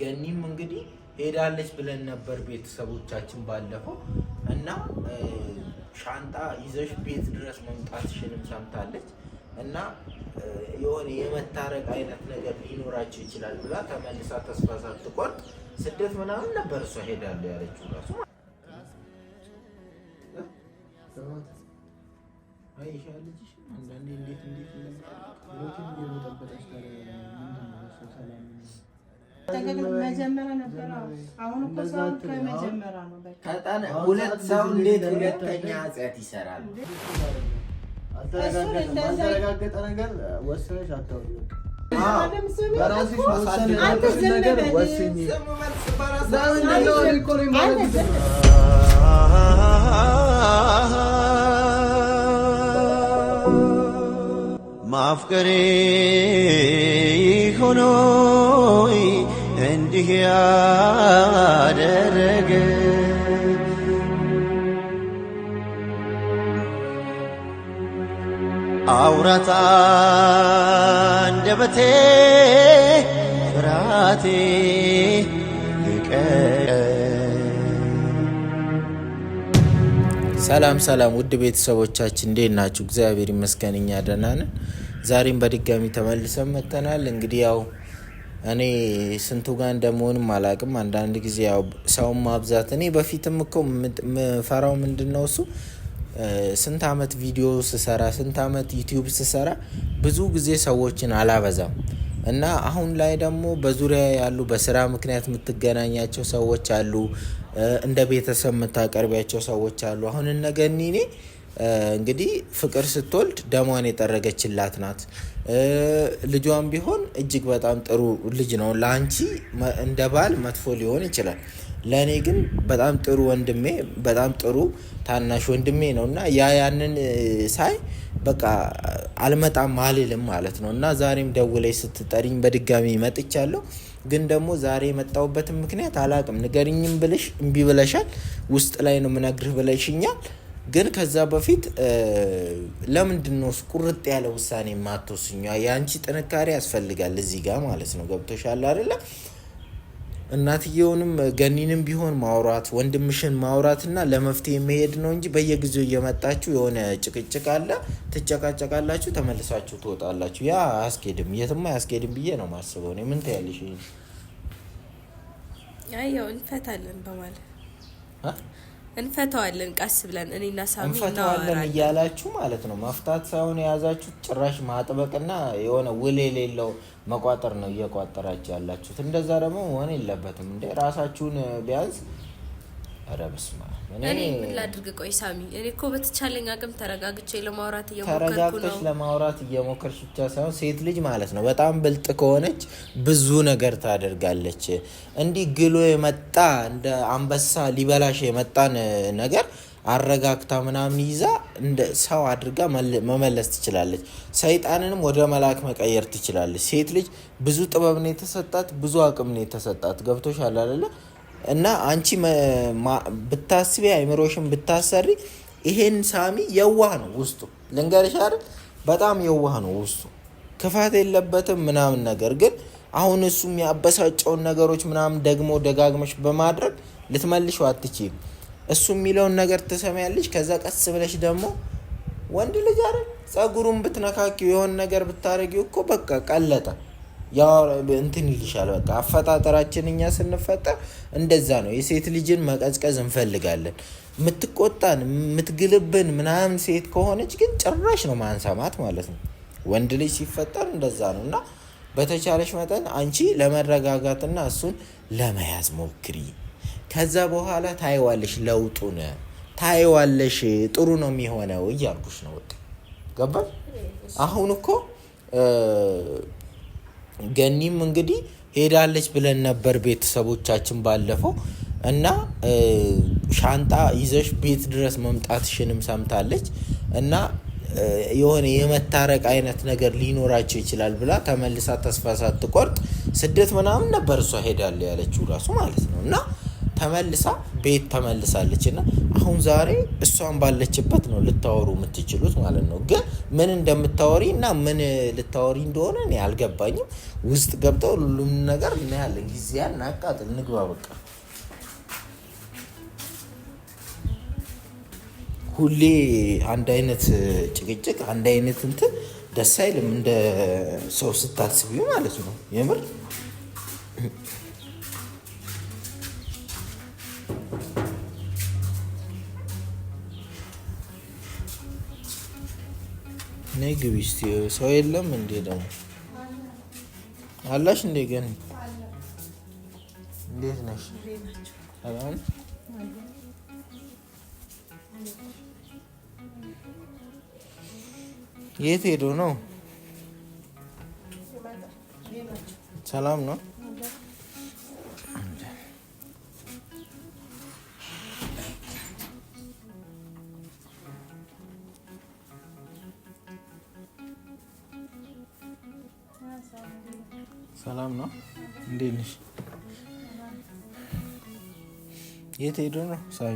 ገኒም እንግዲህ ሄዳለች ብለን ነበር ቤተሰቦቻችን ባለፈው እና ሻንጣ ይዘሽ ቤት ድረስ መምጣትሽንም ሰምታለች እና የሆነ የመታረቅ አይነት ነገር ሊኖራቸው ይችላል ብላ ተመልሳ ተስፋ ሳትቆርጥ ስደት ምናምን ነበር እሷ ሄዳለሁ ያለችው ራሱ አይሻ ልጅሽ አንዳንዴ እንዴት እንዴት ሁለት ሰው እንዴት ሁለተኛ ኃጢአት ይሰራል? ማፍቀሬ ሆኖ እንዲህ ያደረገ አውራታ አንደበቴ ፍርሃቴ ሰላም ሰላም፣ ውድ ቤተሰቦቻችን እንዴት ናችሁ? እግዚአብሔር ይመስገን እኛ ደህና ነን። ዛሬም በድጋሚ ተመልሰን መጥተናል። እንግዲህ ያው እኔ ስንቱ ጋር እንደመሆንም አላውቅም። አንዳንድ ጊዜ ያው ሰውን ማብዛት እኔ በፊትም እኮ ምፈራው ምንድን ነው እሱ ስንት አመት ቪዲዮ ስሰራ ስንት አመት ዩቲዩብ ስሰራ ብዙ ጊዜ ሰዎችን አላበዛም እና አሁን ላይ ደግሞ በዙሪያ ያሉ በስራ ምክንያት የምትገናኛቸው ሰዎች አሉ፣ እንደ ቤተሰብ የምታቀርቢያቸው ሰዎች አሉ። አሁን እነገኒ እንግዲህ ፍቅር ስትወልድ ደሟን የጠረገችላት ናት። ልጇን ቢሆን እጅግ በጣም ጥሩ ልጅ ነው። ለአንቺ እንደ ባል መጥፎ ሊሆን ይችላል፣ ለእኔ ግን በጣም ጥሩ ወንድሜ፣ በጣም ጥሩ ታናሽ ወንድሜ ነው እና ያ ያንን ሳይ በቃ አልመጣም አልልም ማለት ነው እና ዛሬም ደውለሽ ስትጠሪኝ በድጋሚ መጥቻለሁ። ግን ደግሞ ዛሬ የመጣሁበትን ምክንያት አላቅም፣ ንገርኝም ብልሽ እምቢ ብለሻል። ውስጥ ላይ ነው ምነግርህ ብለሽኛል። ግን ከዛ በፊት ለምንድን ነው ቁርጥ ያለ ውሳኔ የማትወስኙ? የአንቺ ጥንካሬ ያስፈልጋል እዚህ ጋር ማለት ነው። ገብቶሻል አይደለ? እናትየውንም ገኒንም ቢሆን ማውራት ወንድምሽን ማውራትና ለመፍትሄ መሄድ ነው እንጂ በየጊዜው እየመጣችሁ የሆነ ጭቅጭቅ አለ፣ ትጨቃጨቃላችሁ፣ ተመልሳችሁ ትወጣላችሁ። ያ አያስኬድም፣ የትም አያስኬድም ብዬ ነው ማስበው። እኔ ምን ትያለሽ? ይኸው እንፈታለን በማለት እንፈተዋለን ቀስ ብለን እኔና ሳሚ እንፈተዋለን እያላችሁ ማለት ነው። መፍታት ሳይሆን የያዛችሁ ጭራሽ ማጥበቅና የሆነ ውል የሌለው መቋጠር ነው እየቋጠራችሁ ያላችሁት። እንደዛ ደግሞ መሆን የለበትም። እንደ ራሳችሁን ቢያንስ ኧረ በስመ አብ እኔ ምን ላድርግ? ቆይ ሳሚ፣ እኔ እኮ በተቻለኝ አቅም ተረጋግቼ ለማውራት እየሞከርኩ ነው። ተረጋግተሽ ለማውራት እየሞከርሽ ብቻ ሳይሆን ሴት ልጅ ማለት ነው በጣም ብልጥ ከሆነች ብዙ ነገር ታደርጋለች። እንዲህ ግሎ የመጣ እንደ አንበሳ ሊበላሽ የመጣን ነገር አረጋግታ ምናምን ይዛ እንደ ሰው አድርጋ መመለስ ትችላለች። ሰይጣንንም ወደ መልአክ መቀየር ትችላለች። ሴት ልጅ ብዙ ጥበብ ነው የተሰጣት፣ ብዙ አቅም ነው የተሰጣት። ገብቶሻል አይደለ? እና አንቺ ብታስቢ አይምሮሽን ብታሰሪ ይሄን ሳሚ የዋህ ነው ውስጡ፣ ልንገርሽ አይደል በጣም የዋህ ነው ውስጡ፣ ክፋት የለበትም ምናምን። ነገር ግን አሁን እሱ የሚያበሳጨውን ነገሮች ምናምን ደግሞ ደጋግመሽ በማድረግ ልትመልሽ አትችይም። እሱ የሚለውን ነገር ትሰሚያለሽ። ከዛ ቀስ ብለሽ ደግሞ ወንድ ልጅ አይደል ብትነካኪው የሆን ነገር ብታደረጊው እኮ በቃ ቀለጠ። እንትን ይልሻል። በቃ አፈጣጠራችን እኛ ስንፈጠር እንደዛ ነው። የሴት ልጅን መቀዝቀዝ እንፈልጋለን። የምትቆጣን የምትግልብን ምናምን ሴት ከሆነች ግን ጭራሽ ነው ማንሰማት ማለት ነው። ወንድ ልጅ ሲፈጠር እንደዛ ነው እና በተቻለሽ መጠን አንቺ ለመረጋጋትና እሱን ለመያዝ ሞክሪ። ከዛ በኋላ ታይዋለሽ፣ ለውጡን ታይዋለሽ። ጥሩ ነው የሚሆነው እያልኩሽ ነው። ገባል። አሁን እኮ ገኒም እንግዲህ ሄዳለች ብለን ነበር ቤተሰቦቻችን ባለፈው እና ሻንጣ ይዘሽ ቤት ድረስ መምጣትሽንም ሰምታለች እና የሆነ የመታረቅ አይነት ነገር ሊኖራቸው ይችላል ብላ ተመልሳ ተስፋ ሳትቆርጥ ስደት ምናምን ነበር እሷ ሄዳለ ያለችው ራሱ ማለት ነው እና ተመልሳ ቤት ተመልሳለች እና አሁን ዛሬ እሷን ባለችበት ነው ልታወሩ የምትችሉት ማለት ነው። ግን ምን እንደምታወሪ እና ምን ልታወሪ እንደሆነ እኔ አልገባኝም። ውስጥ ገብተው ሁሉም ነገር እናያለን። ጊዜያን እናቃጥል፣ ንግባ በቃ። ሁሌ አንድ አይነት ጭቅጭቅ፣ አንድ አይነት እንትን ደስ አይልም። እንደ ሰው ስታስቢ ማለት ነው የምር ነይ ግቢ እስኪ። ሰው የለም እንዴ? ደግሞ አላሽ እንዴ? ገን እንዴት ነሽ? ሰላም የት ሄዶ ነው? ሰላም ነው። ሰላም ነው። እንዴት ነሽ? የት ሄዶ ነው ሳይ?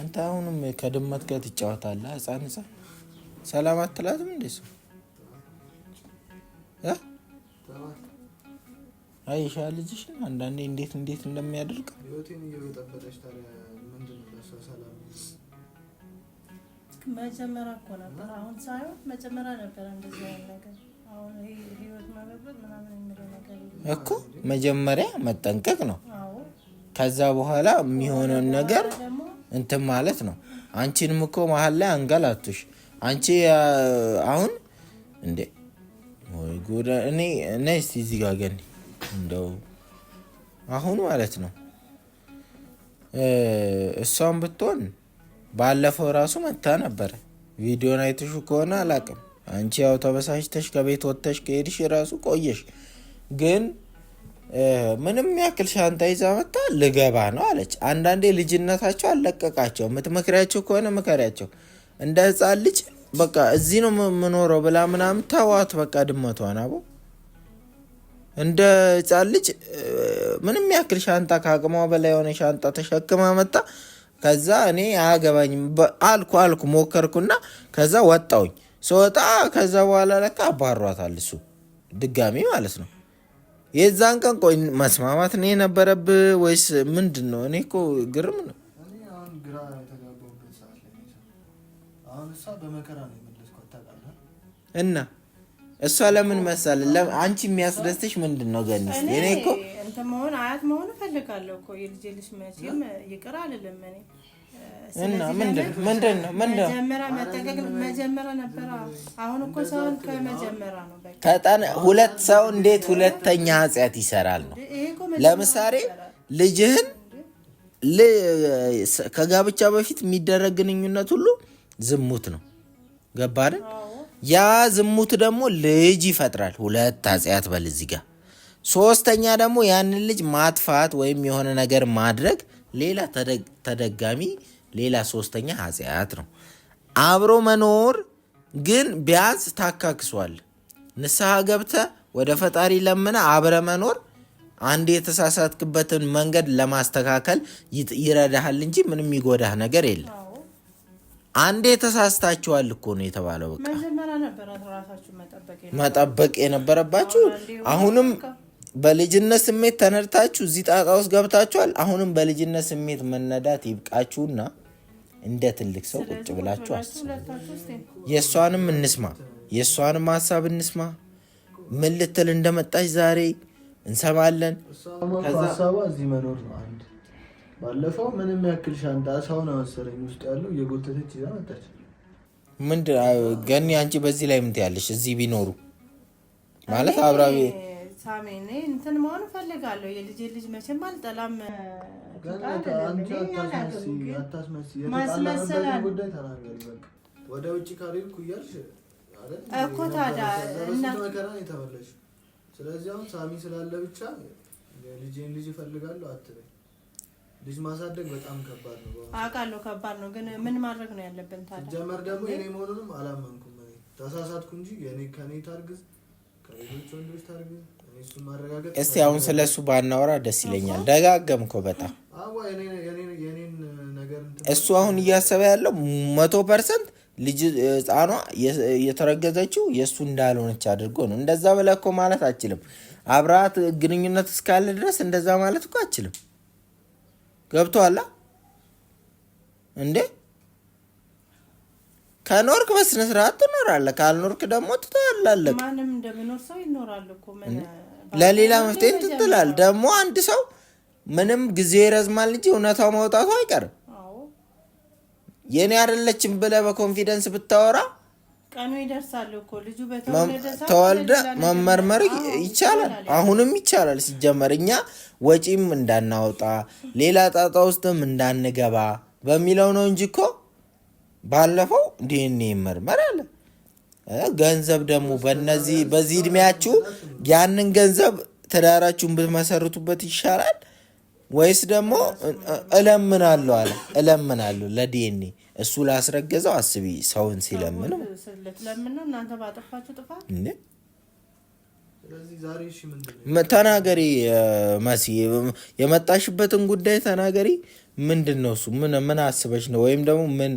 አንተ አሁንም ከድመት ጋር ትጫወታለህ? ህፃን ህፃን ሰላም አትላትም እንዴ? ሰው አይሻ ልጅሽ አንዳንዴ እንዴት እንዴት እንደሚያደርግ ምንድን ሰላም ልክ መጀመሪያ እኮ ነበር፣ አሁን ሳይሆን መጀመሪያ ነበር እንደዚህ አይነት ነገር እኮ መጀመሪያ መጠንቀቅ ነው። ከዛ በኋላ የሚሆነውን ነገር እንትን ማለት ነው። አንቺንም እኮ መሀል ላይ አንገላቱሽ። አንቺ አሁን እንዴ ወይ ጉድ! እኔ እና እስቲ እዚህ ጋ ገኒ እንደው አሁን ማለት ነው እሷን ብትሆን ባለፈው ራሱ መታ ነበር። ቪዲዮን አይተሹ ከሆነ አላቅም። አንቺ ያው ተበሳሽተሽ ከቤት ወጥተሽ ከሄድሽ ራሱ ቆየሽ። ግን ምንም ያክል ሻንጣ ይዛ መታ ልገባ ነው አለች። አንዳንዴ ልጅነታቸው አለቀቃቸው። ምትመክሪያቸው ከሆነ ምከሪያቸው። እንደ ህፃን ልጅ በቃ እዚህ ነው የምኖረው ብላ ምናምን ተዋት። በቃ ድመቷን አቦ እንደ ሕፃን ልጅ ምንም ያክል ሻንጣ ከአቅሟ በላይ የሆነ ሻንጣ ተሸክማ መጣ። ከዛ እኔ አያገባኝም አልኩ አልኩ ሞከርኩና ከዛ ወጣውኝ ስወጣ ከዛ በኋላ ለካ አባሯታል እሱ ድጋሚ ማለት ነው። የዛን ቀን ቆይ መስማማት ነው የነበረብ ወይስ ምንድን ነው? እኔ እኮ ግርም ነው እና እሷ ለምን መሳለ አንቺ የሚያስደስትሽ ምንድን ነው ገኒስ? እኔ እኮ አንተ መሆን አያት መሆን እፈልጋለሁ እኮ የልጄ ልጅ መቼም ይቅር አልልም እኔ። እና መጀመሪያ መጠቀቅ መጀመሪያ ነበረ። አሁን እኮ ሰውን ከመጀመሪያ ነው ከጠን ሁለት ሰው እንዴት ሁለተኛ ኃጢአት ይሰራል ነው። ለምሳሌ ልጅህን ከጋብቻ በፊት የሚደረግ ግንኙነት ሁሉ ዝሙት ነው። ገባ አይደል? ያ ዝሙት ደግሞ ልጅ ይፈጥራል። ሁለት ኃጢአት በል እዚህ ጋር ሶስተኛ ደግሞ ያንን ልጅ ማጥፋት ወይም የሆነ ነገር ማድረግ ሌላ ተደጋሚ ሌላ ሶስተኛ ኃጢአት ነው። አብሮ መኖር ግን ቢያንስ ታካክሷል። ንስሐ ገብተ ወደ ፈጣሪ ለምነ አብረ መኖር አንድ የተሳሳትክበትን መንገድ ለማስተካከል ይረዳሃል እንጂ ምንም ይጎዳህ ነገር የለም። አንዴ ተሳስታችኋል እኮ ነው የተባለው። በቃ መጠበቅ የነበረባችሁ አሁንም በልጅነት ስሜት ተነድታችሁ እዚህ ጣጣ ውስጥ ገብታችኋል። አሁንም በልጅነት ስሜት መነዳት ይብቃችሁና እንደ ትልቅ ሰው ቁጭ ብላችሁ አስቡ። የእሷንም እንስማ፣ የእሷንም ሀሳብ እንስማ። ምን ልትል እንደመጣች ዛሬ እንሰማለን። ሀሳቧ እዚህ መኖር ነው። አንድ ባለፈው ምንም ያክል ሻንጣ ሳውን መሰለኝ ውስጥ ያለው እየጎተተች ይዛ መጣች። ምንድን ገኒ፣ አንቺ በዚህ ላይ ምን ትያለሽ? እዚህ ቢኖሩ ማለት አብራቤ ሳሜ እኔ እንትን መሆን እፈልጋለሁ። የልጅ ልጅ መቼም አልጠላም። ወደ ውጭ ካልሄድኩ እያልሽ እኮ ታዲያ ስለዚህ አሁን ሳሚ ስላለ ብቻ ልጄን ልጅ እፈልጋለሁ አትበይ። ልጅ ማሳደግ በጣም ከባድ ነው፣ አውቃለሁ። ከባድ ነው፣ ግን ምን ማድረግ ነው ያለብን ታዲያ? ጀመር ደግሞ የኔ መሆኑንም አላመንኩም። ተሳሳትኩ እንጂ የኔ ከኔ ታርግዝ ከሌሎች ወንዶች ታርግዝ እስቲ አሁን ስለ እሱ ባናወራ ደስ ይለኛል። ደጋገምኮ በጣም እሱ አሁን እያሰበ ያለው መቶ ፐርሰንት ልጅ ህፃኗ የተረገዘችው የእሱ እንዳልሆነች አድርጎ ነው። እንደዛ ብለህ እኮ ማለት አችልም። አብራት ግንኙነት እስካለ ድረስ እንደዛ ማለት እኮ አችልም። ገብቶሃል እንዴ? ከኖርክ በስነ ስርዓት ትኖራለህ፣ ካልኖርክ ደግሞ ትተላለህ። ለሌላ መፍትሄ ትትላል። ደግሞ አንድ ሰው ምንም ጊዜ ይረዝማል እንጂ እውነታው መውጣቱ አይቀርም። የኔ አይደለችም ብለህ በኮንፊደንስ ብታወራ ቀኑ ይደርሳል እኮ ልጁ ተወልደ መመርመር ይቻላል። አሁንም ይቻላል። ሲጀመር እኛ ወጪም እንዳናወጣ ሌላ ጣጣ ውስጥም እንዳንገባ በሚለው ነው እንጂ እኮ ባለፈው ዲኤንኤ ይመርመር አለ። ገንዘብ ደግሞ በነዚህ በዚህ እድሜያችሁ ያንን ገንዘብ ትዳራችሁን ብትመሰርቱበት ይሻላል ወይስ ደግሞ እለምናለሁ አለ። እለምናለሁ ለዲኤንኤ እሱ ላስረገዘው አስቢ። ሰውን ሲለምን ተናገሪ፣ መሲ የመጣሽበትን ጉዳይ ተናገሪ። ምንድን ነው እሱ? ምን አስበሽ ነው? ወይም ደግሞ ምን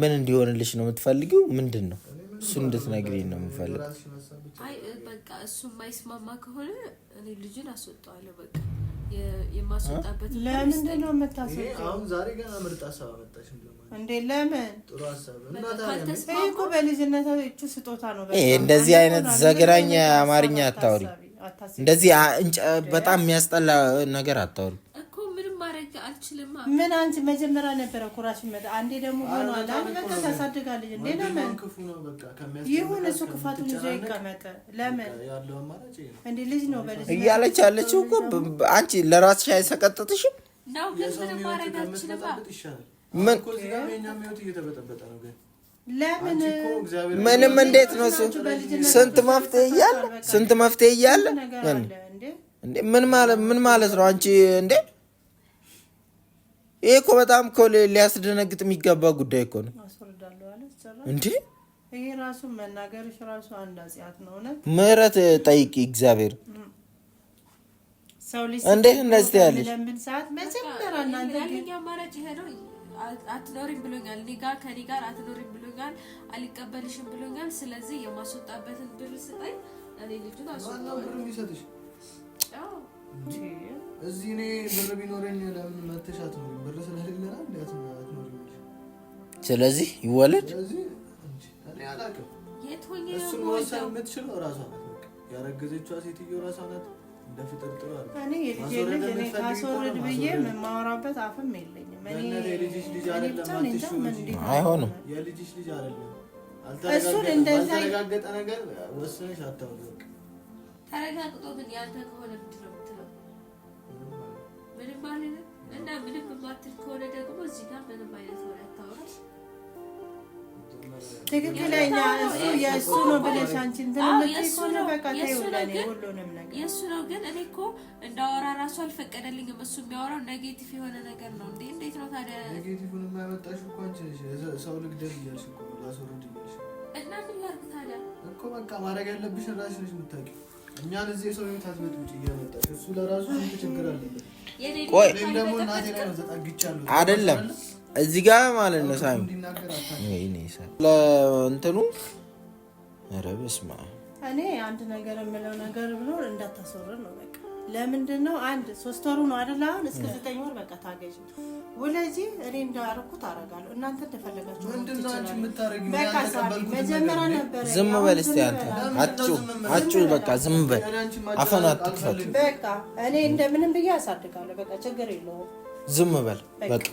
ምን እንዲሆንልሽ ነው የምትፈልጊው? ምንድን ነው እሱ እንድትነግሪኝ ነው የምፈልገው። በቃ እሱ የማይስማማ ከሆነ እኔ ልጅን አስወጣዋለሁ። በቃ የማስወጣበት ለምንድን ነው የምታስወጣው? ዛሬ ገና ምርጥ ሀሳብ አመጣሽ ስጦታ ነው። እንደዚህ አይነት ዘግራኝ አማርኛ አታውሪ። እንደዚህ በጣም የሚያስጠላ ነገር አታውሪ። አልችልም። ምን አንቺ መጀመሪያ ነበረ ኩራሽ መጣ። አንዴ ደግሞ ሆኗል። አንድ በቃ ታሳድጋለች እንዴ ለምን ይሁን እሱ ክፋቱን ይዞ ይቀመጥ። ለምን እንዴ ልጅ ነው በልጅ እያለች ያለችው እኮ አንቺ ለራስሽ አይሰቀጥጥሽም? ነው ግን ምንም ማድረግ አልችልም። ምን ምንም እንዴት ነው እሱ ስንት መፍትሄ እያለ ስንት መፍትሄ እያለ ምን ማለት ምን ማለት ነው አንቺ እንዴ ይሄ እኮ በጣም እኮ ሊያስደነግጥ የሚገባ ጉዳይ እኮ ነው እንዴ! ይሄ ራሱ መናገርሽ ራሱ አንድ አጽያት ነው። ምህረት ጠይቂ እግዚአብሔር እንዴት እንደዚህ ያለሽ አትኖሪም ብሎኛል። እኔ ጋር ጋር አትኖሪም ብሎኛል። አልቀበልሽም ብሎኛል። ስለዚህ የማስወጣበትን ብር ስጠኝ፣ እኔ ልጁን እዚህ እኔ ብር ቢኖረኝ ለምን መተሽ አትኖሪም? ብር ስለሌለ አትኖሪም። ስለዚህ ይወለድ የምትችለው እራሷ ናት። ያረገዘችዋ ሴትዮ እራሷ ናት። እንደ ፍጥር ጥሩ አስወርድ ብዬ አፍም የለኝም። የልጅሽ ልጅ አይደለም፣ ነገር ወስነሽ አታውቅ። ተረጋግጦ ግን ያንተ ከሆነ ምንድን ነው ባልልም እና ምንም የማትል ከሆነ ደግሞ እዚህ ጋር ምንም አይነት ወሬ አታወራም። ትክክለኛ እሱ የእሱ ነው ብለሽ አንቺ የእሱ ነው። ግን እኔ እኮ እንዳወራ ራሱ አልፈቀደልኝም። እሱ የሚያወራው ኔጌቲቭ የሆነ ነገር ነው። እንዴ እንዴት ነው ታዲያ ኔጌቲቭን የማያመጣሽ እኮ አንቺ ነሽ። ሰው ልግደል እያልሽ እኮ ላስወርድ እያልሽ እና ምን ላድርግ ታዲያ እኮ በቃ ማድረግ ያለብሽ ራስሽ ነሽ የምታውቂው። እኛን እዚህ ሰው ታትመጥ ውጭ እያመጣሽ እሱ ለራሱ ችግር አለበት ቆይ አይደለም እዚህ ጋር ማለት ነው። ሳሚ ለእንትኑ ኧረ በስመ አብ እኔ አንድ ነገር የምለው ነገር ብኖር እንዳታስወርድ ነው ለምንድን ነው አንድ ሶስት ወሩ ነው አይደል? አሁን እስከ ዘጠኝ ወር በቃ ታገዥ ወለጂ እኔ እንዳረኩት አረጋለሁ። እናንተ እንደፈለጋችሁ በቃ መጀመሪያ ነበር። ዝም በል እስቲ አንተ አጩ አጩ በቃ ዝም በል አፈና አትክፈት። በቃ እኔ እንደምንም ብዬ አሳድጋለሁ። በቃ ችግር የለውም። ዝም በል በቃ።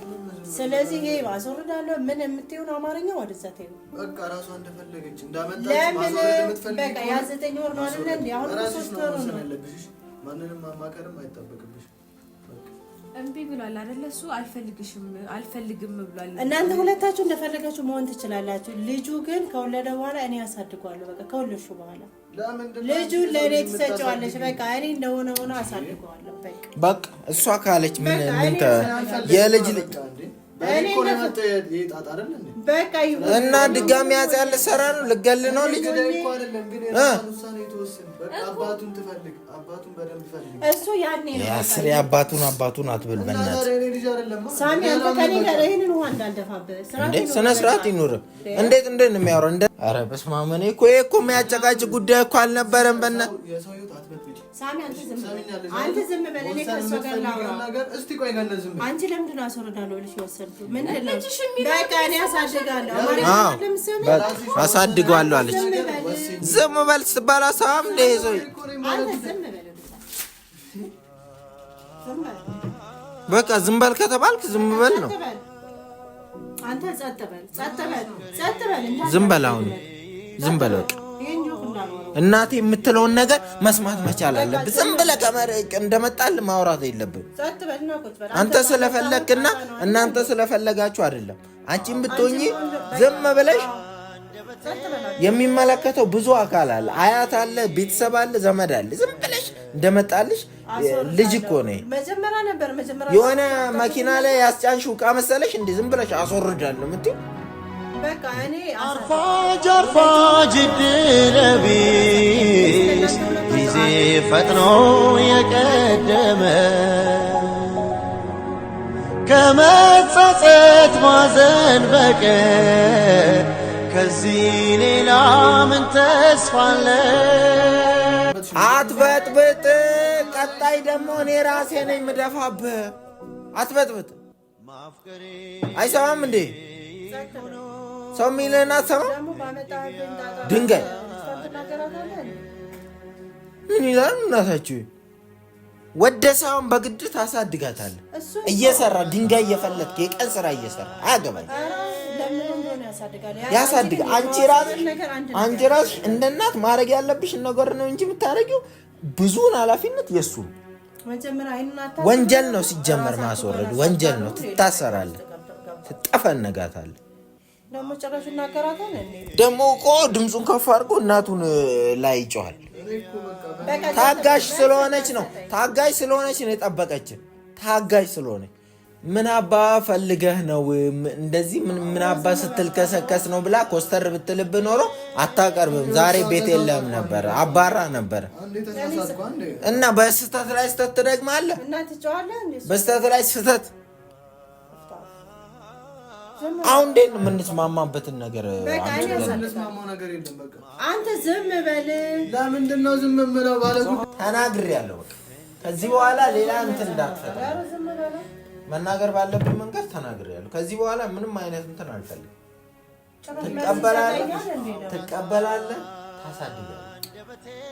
ስለዚህ ይሄ ማስወርዳለሁ ምን የምትሆን አማርኛ ወደዛ ተይው በቃ ራሷ እንደፈለገች እንዳመጣች ማስወርድ የምትፈልግ በቃ ያ ዘጠኝ ወር ነው አይደል? አሁን ሶስት ወር ነው ማንንም ማማከርም አይጠበቅብሽም። እምቢ ብሏል አይደለ? እሱ አልፈልግሽም አልፈልግም ብሏል። እናንተ ሁለታችሁ እንደፈለጋችሁ መሆን ትችላላችሁ። ልጁ ግን ከወለደ በኋላ እኔ ያሳድገዋለሁ። በቃ ከወለድሽ በኋላ ልጁ ለእኔ ትሰጪዋለሽ። በቃ እኔ እንደሆነ ሆነ አሳድገዋለሁ። በቃ እሷ ካለች ምን ምን የልጅ ልጅ እና ድጋሚ ያለ ሰራ ነው ልገል ነው ልጅ ያስሬ አባቱን አባቱን አትብል በእናትህ እንዴ ስነ ስርዓት ይኑር እንዴት እንዴት ነው ኧረ በስመ አብ እኔ እኮ የሚያጨቃጭ ጉዳይ እኮ አልነበረም በእናትህ ሳሚ አንተ ዝም በል፣ አንተ ዝም በል። እኔ ከእሷ ጋር ላውራ። እስቲ ቆይ ዝም አንቺ ለምንድን ነው አስወርዳለሁ ብለሽ የወሰድሽው? ምንድን ነው በቃ እኔ አሳድጋለሁ አሳድገዋለሁ አለች። ዝም በል በቃ ዝም በል ከተባልክ ዝም በል ነው። አንተ ጸጥ በል ጸጥ በል ጸጥ በል ዝም በል አሁን ዝም በል በቃ እናቴ የምትለውን ነገር መስማት መቻል አለብህ። ዝም ብለህ ቀመር እንደመጣል ማውራት የለብን። አንተ ስለፈለግክና እናንተ ስለፈለጋችሁ አይደለም። አንቺም ብትሆኚ ዝም ብለሽ የሚመለከተው ብዙ አካል አለ፣ አያት አለ፣ ቤተሰብ አለ፣ ዘመድ አለ። ዝም ብለሽ እንደመጣልሽ ልጅ እኮ ነው። የሆነ መኪና ላይ ያስጫንሽ ዕቃ መሰለሽ እንደ ዝም ብለሽ አስወርዳለሁ የምትይው አርፋጅ አርፋጅ እድለ ጊዜ ፈጥኖ የቀደመ ከመጸጸት ማዘን በቀር ከዚህ ሌላ ምን ተስፋ አትበጥብጥ። ቀጣይ ደግሞ እኔ ራሴ ነኝ የምደፋብህ። አትበጥብጥ። አይሰማም እንዴ? ሰው የሚልህን አትሰማም። ድንጋይ ምን ይላል? እናታችሁ ወደ ሳይሆን በግድ ታሳድጋታለህ። እየሰራ ድንጋይ እየፈለጥክ የቀን ስራ እየሰራ አያገባኝ ያሳድጋል። አንቺ ራስሽ አንቺ ራስሽ እንደ እናት ማድረግ ያለብሽ ነገር ነው እንጂ የምታደርጊው ብዙውን ኃላፊነት የሱ ወንጀል ነው። ሲጀመር ማስወረድ ወንጀል ነው። ትታሰራለህ፣ ትጠፈነጋታለህ። ደግሞ እኮ ድምፁን ከፍ አድርጎ እናቱን ላይ ይጮሃል። ታጋሽ ስለሆነች ነው ታጋሽ ስለሆነች ነው የጠበቀችን። ታጋሽ ስለሆነች ምን አባ ፈልገህ ነው እንደዚህ ምን አባ ስትልከሰከስ ነው ብላ ኮስተር ብትልብ ኖሮ አታቀርብም። ዛሬ ቤት የለም ነበረ አባራ ነበረ እና በስህተት ላይ ስህተት ትደግማለህ። በስህተት ላይ ስህተት አሁን እንዴት ነው የምንስማማበትን ነገር አንተ ዝም በል። ለምንድን ነው ዝም የምለው? ተናግሬያለሁ። ከዚህ በኋላ ሌላ እንትን እንዳትፈጥር መናገር ባለብን መንገድ ተናግሬያለሁ። ከዚህ በኋላ ምንም አይነት እንትን አልፈልግም። ትቀበላለህ፣ ትቀበላለህ፣ ታሳድጋለህ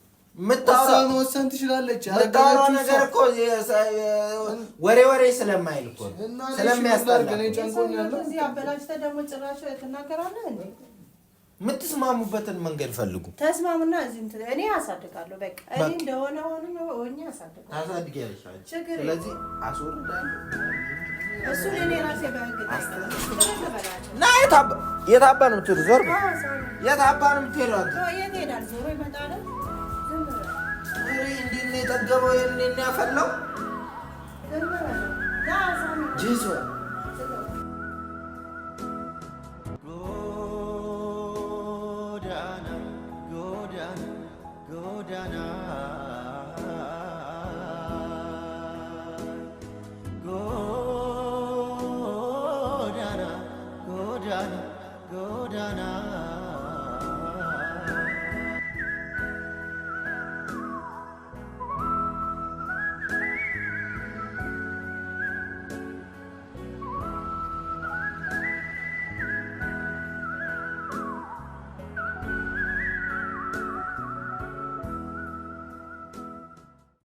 ወሰን ትችላለች። የምታወራው ነገር እኮ ወሬ ወሬ ስለማይል እኮ ስለሚያስጠላ አበላሽተህ ጭራሽ መንገድ ፈልጉ። ተስማሙና እኔ አሳድጋለሁ። በቃ እኔ እንደሆነ ሆኖ ሆኜ አሳድጋለሁ። ታሳድጊያለሽ። ስለዚህ እና የታባ ነው የምትሄዱ ዞር የታባ ነው የምትሄዱ እንግዲህ እንዲህ ነው የጠገበው፣ ያፈላው።